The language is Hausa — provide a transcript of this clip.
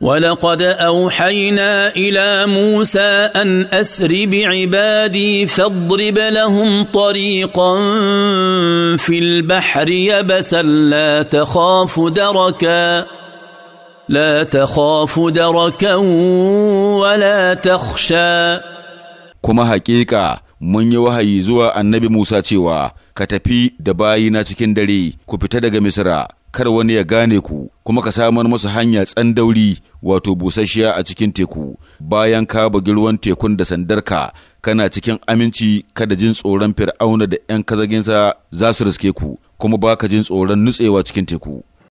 ولقد اوحينا الى موسى ان اسر بعبادي فاضرب لهم طريقا في البحر يبسا لا تخاف دركا لا تخاف دركا ولا تخشى كما حقيقه mun yi wahayi zuwa annabi Musa cewa, Ka tafi da bayina cikin dare, ku fita daga Misra, kar wani ya gane ku kuma ka samar musu hanya tsandauri wato busasshiya a cikin teku bayan ka bugi ruwan tekun da sandarka kana cikin aminci kada jin tsoron fir'auna da 'yan kazaginsa za su riske ku kuma baka jin tsoron nutsewa cikin teku